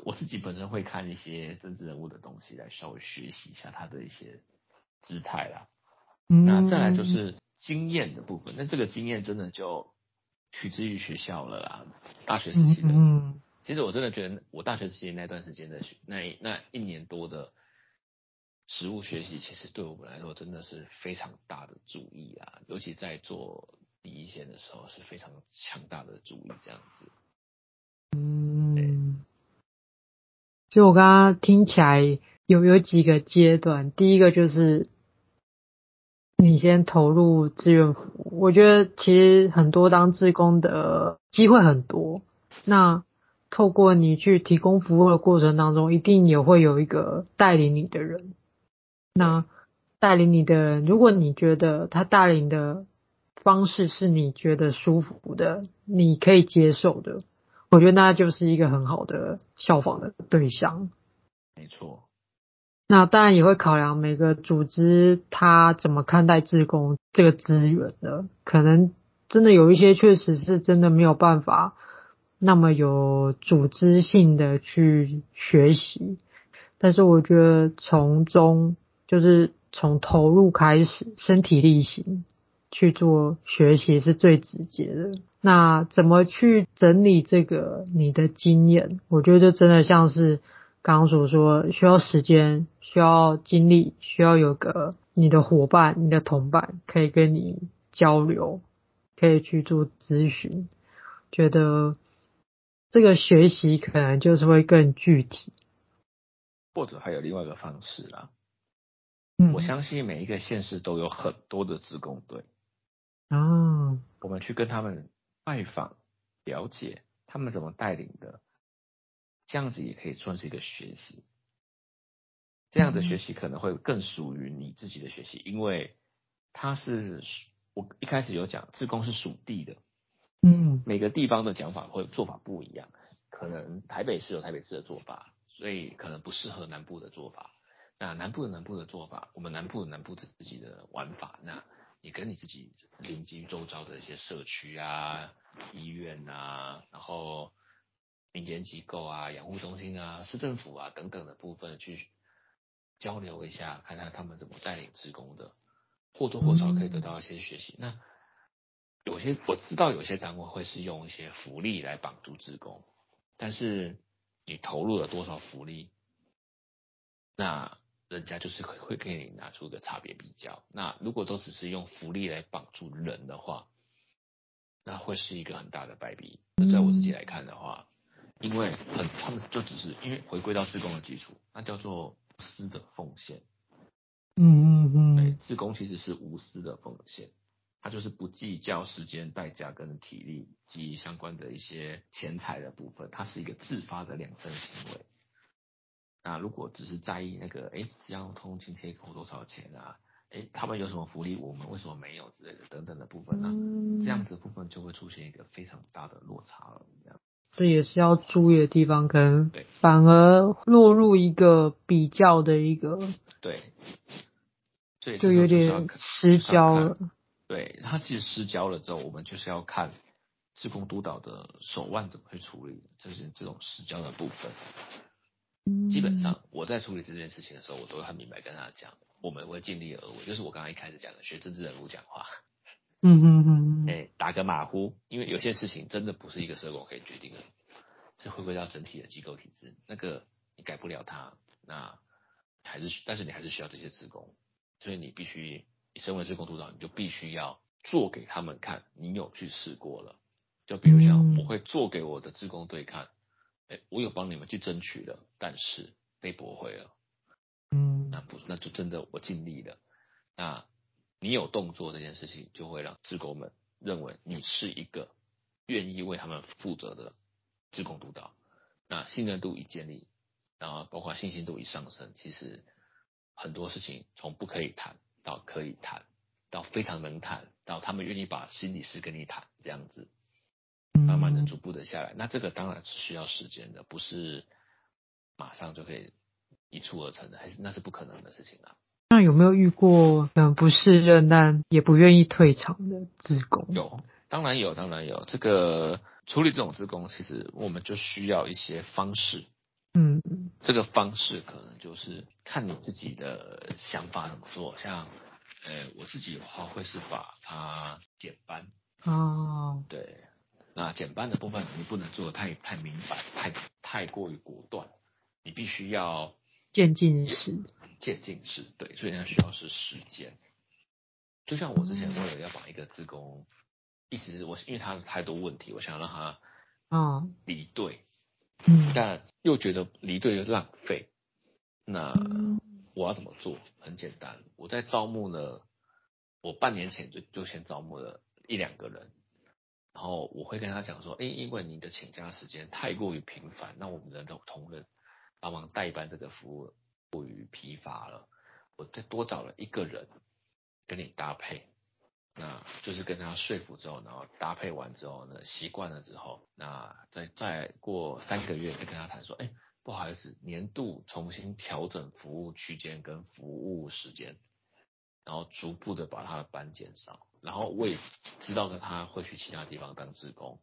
我自己本身會看一些政治人物的東西，來稍微學習一下他的一些姿態啦。嗯、那再來就是經驗的部分，那這個經驗真的就取之於學校了啦，大學時期的、嗯。嗯，其實我真的覺得，我大學時期那段時間的學那一那一年多的實務學習，其實對我們來說真的是非常大的助益啊，尤其在做第一線的時候是非常強大的助益這樣子。就我剛剛聽起來有有幾個階段，第一個就是你先投入志願服務。我覺得其實很多當志工的機會很多，那透過你去提供服務的過程當中，一定也會有一個帶領你的人。那帶領你的人，如果你覺得他帶領的方式是你覺得舒服的，你可以接受的。我覺得那就是一個很好的效仿的對象，沒錯。那當然也會考量每個組織他怎麼看待志工這個資源的，可能真的有一些確實是真的沒有辦法那麼有組織性的去學習，但是我覺得從中就是從投入開始，身體力行。去做學習是最直接的。那怎麼去整理這個你的經驗？我覺得就真的像是剛剛所說，需要時間，需要精力，需要有個你的夥伴、你的同伴可以跟你交流，可以去做諮詢。覺得這個學習可能就是會更具體，或者還有另外一個方式啦、啊。嗯。我相信每一個縣市都有很多的志工隊。哦，oh. 我們去跟他們拜訪，了解他們怎麼帶領的，這樣子也可以算是一個學習。這樣的學習可能會更屬於你自己的學習，嗯、因為他是我一開始有講，志工是屬地的。嗯，每個地方的講法會做法不一樣，可能台北市有台北市的做法，所以可能不適合南部的做法。那南部的南部的做法，我們南部的南部的自己的玩法，那。你跟你自己臨近周遭的一些社區啊、醫院啊，然後民間機構啊、養護中心啊、市政府啊等等的部分去交流一下，看看他們怎麼帶領志工的，或多或少可以得到一些學習。那有些我知道，有些單位會是用一些福利來綁住志工，但是你投入了多少福利？那？人家就是會,會給你拿出一個差別比較。那如果都只是用福利來綁住人的話，那會是一個很大的敗筆。那在我自己來看的話，因為很他們就只是因為回歸到志工的基礎，那叫做無私的奉獻。嗯嗯嗯。對，志工其實是無私的奉獻，它就是不計較時間、代價跟體力及相關的一些錢財的部分，它是一個自發的兩生行為。那如果只是在意那個，哎，交通津貼扣多少錢啊？哎，他們有什麼福利，我們為什麼沒有之類的等等的部分呢、啊？嗯、這樣子的部分就會出現一個非常大的落差了，這樣這也是要注意的地方，可能對，反而落入一個比較的一個對，就有點失焦了。對，他其實失焦了之後，我們就是要看志工督導的手腕怎麼去處理這、就是這種失焦的部分。基本上，我在處理這件事情的時候，我都會很明白跟大家講，我們會盡力而為，就是我剛剛一開始講的，學政治人物講話。嗯嗯嗯。哎、欸，打個馬虎，因為有些事情真的不是一個社工可以決定的，是回歸到整體的機構體制，那個你改不了它。那還是，但是你還是需要這些志工，所以你必須，你身為志工督導，你就必須要做給他們看，你有去試過了。就比如像，我會做給我的志工隊看。嗯哎、欸，我有幫你們去爭取了，但是被駁回了。嗯，那不是，那就真的我盡力了。那你有動作這件事情，就會讓志工們認為你是一個願意為他們負責的志工督導。那信任度一建立，然後包括信心度一上升，其實很多事情從不可以談到可以談到非常能談，到他們願意把心裡事跟你談這樣子。慢慢的逐步的，下來，那這個當然是需要時間的，不是馬上就可以一蹴而成的，還是那是不可能的事情啊。那有沒有遇過嗯，不適應，也不願意退場的志工？有，當然有，當然有。這個處理這種志工，其實我們就需要一些方式。嗯嗯，這個方式可能就是看你自己的想法怎麼做。像呃，我自己的話會是把它減班。哦，對。那減半的部分，你不能做得太太明白，太太過於果斷，你必須要漸進式，漸進式，對，所以人家需要是時間。就像我之前為了要把一個志工，嗯、一直我因為他的太多問題，我想讓他啊離隊，嗯、哦，但又覺得離隊又浪費，嗯、那我要怎麼做？很簡單，我在招募呢，我半年前就就先招募了一兩個人。然後我會跟他講說，誒，因為你的請假時間太過於頻繁，那我們的同同仁幫忙代班這個服務過於疲乏了。我再多找了一個人跟你搭配，那就是跟他說服之後，然後搭配完之後呢，習慣了之後，那再再過三個月再跟他談說，誒，不好意思，年度重新調整服務區間跟服務時間，然後逐步的把他的班減少。然後我也知道了他會去其他地方當志工，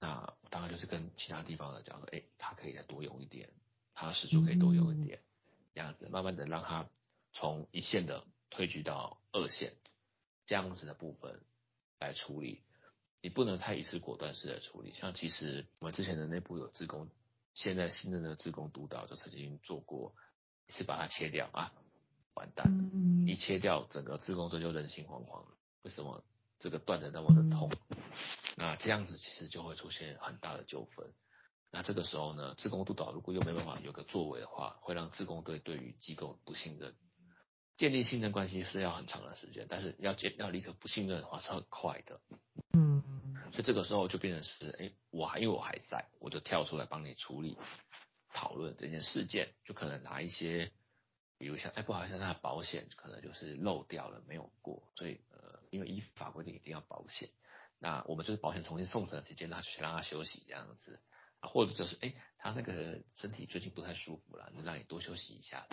那我當然就是跟其他地方的講說，誒，他可以再多用一點，他始終可以多用一點，嗯嗯嗯這樣子慢慢的讓他從一線的退居到二線，這樣子的部分來處理。你不能太一次果斷式的處理，像其實我們之前的內部有志工，現在新的那個志工督導就曾經做過一次把它切掉啊。完蛋了，一切掉整個志工隊，就人心惶惶了。為什麼這個斷的那麼的痛？那這樣子其實就會出現很大的糾紛。那這個時候呢，志工督導如果又沒辦法有個作為的話，會讓志工隊對於機構不信任。建立信任關係是要很長的時間，但是要建要立刻不信任的話是很快的。嗯，所以這個時候就變成是，誒、欸，我還因為我還在，我就跳出來幫你處理、討論這件事件，就可能拿一些。比如像哎，不好意思，那個保險可能就是漏掉了，沒有過，所以呃，因為依法規定一定要保險，那我們就是保險重新送審，直接拉去讓他休息這樣子，啊，或者就是欸，他那個身體最近不太舒服了，讓你多休息一下，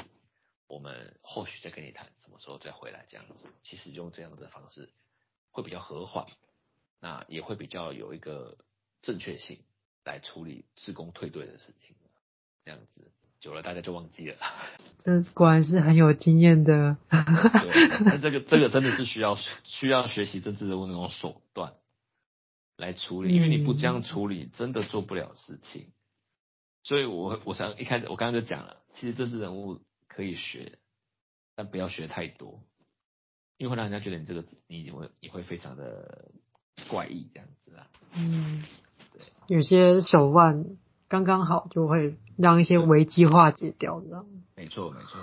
我們後續再跟你談什麼時候再回來這樣子，其實用這樣的方式會比較和緩，那也會比較有一個正確性來處理志工退隊的事情，這樣子。久了，大家就忘記了。這果然是很有經驗的。 對，那這個這個真的是需要需要學習政治人物那種手段，來處理，嗯、因為你不這樣處理，真的做不了事情。所以我，我我想一開始我剛剛就講了，其實政治人物可以學，但不要學太多，因為會讓人家覺得你這個你會你會非常的怪異這樣子啊。嗯，有些手腕。剛剛好就會讓一些危機化解掉，對知道嗎？沒錯沒錯。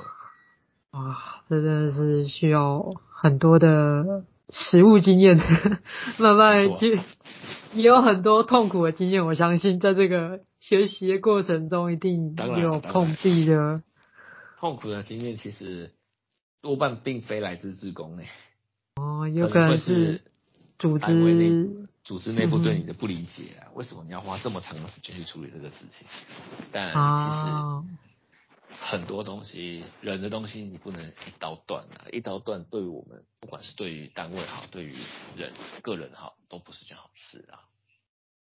哇、哦，真的是需要很多的實務經驗的，嗯、慢慢去，嗯、也有很多痛苦的經驗。我相信在這個學習的過程中，一定有碰壁的。痛苦的經驗其實多半並非來自志工誒，哦，有可能是。組織組織內部對你的不理解、啊，嗯、哼為什麼你要花這麼長的時間去處理這個事情？但其實很多東西，啊、人的東西你不能一刀斷、啊、一刀斷，對於我們不管是對於單位好，對於人個人好，都不是件好事啊。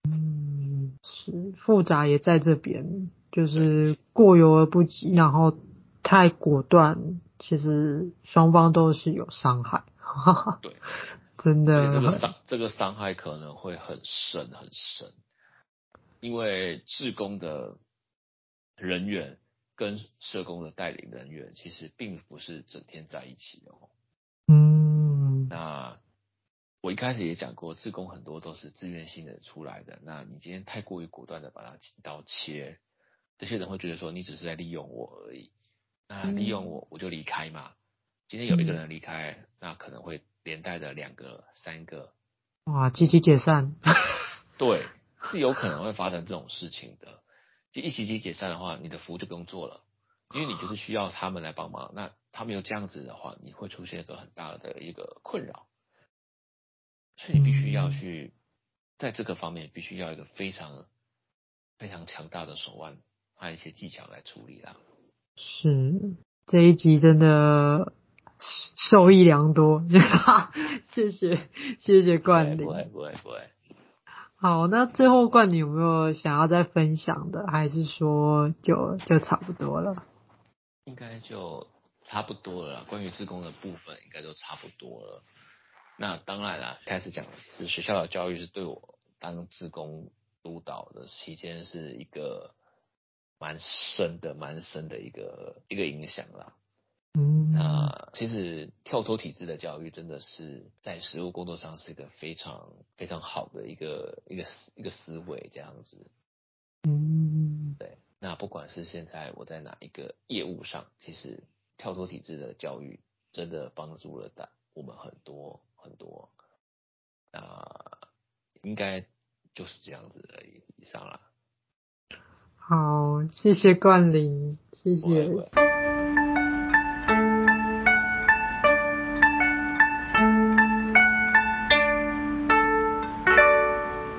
嗯，是複雜也在這邊，就是過猶而不及，對然後太果斷，其實雙方都是有傷害。哈哈對。真的，這個傷，這個傷害可能會很深很深，因為志工的人員跟社工的帶領人員其實並不是整天在一起的哦、喔。嗯，那我一開始也講過，志工很多都是自願性的出來的。那你今天太過於果斷的把它一刀切，這些人會覺得說你只是在利用我而已。那利用我，嗯、我就離開嘛。今天有一個人離開，嗯、那可能會。連帶的兩個、三個，哇！集體解散， 對，是有可能會發生這種事情的。就一集體解散的話，你的服務就不用做了，因為你就是需要他們來幫忙。哦、那他們又這樣子的話，你會出現一個很大的一個困擾，所以你必須要去、嗯、在這個方面必須要一個非常非常強大的手腕和一些技巧來處理啦。是這一集真的。受益良多，對吧？謝謝謝謝冠霖。不會不會不會。好，那最後冠霖有沒有想要再分享的？還是說就就差不多了？應該，多了應該就差不多了。關於志工的部分，應該都差不多了。那當然了，開始講的是學校的教育，是對我當志工督導的期間是一個蠻深的、蠻深的一個一個影響啦。嗯，那其實跳脫體制的教育真的是在實務工作上是一個非常非常好的一個一個一個思維這樣子。嗯，對。那不管是現在我在哪一個業務上，其實跳脫體制的教育真的幫助了大我們很多很多。那應該就是這樣子而已，以上啦。好，謝謝冠霖，謝謝。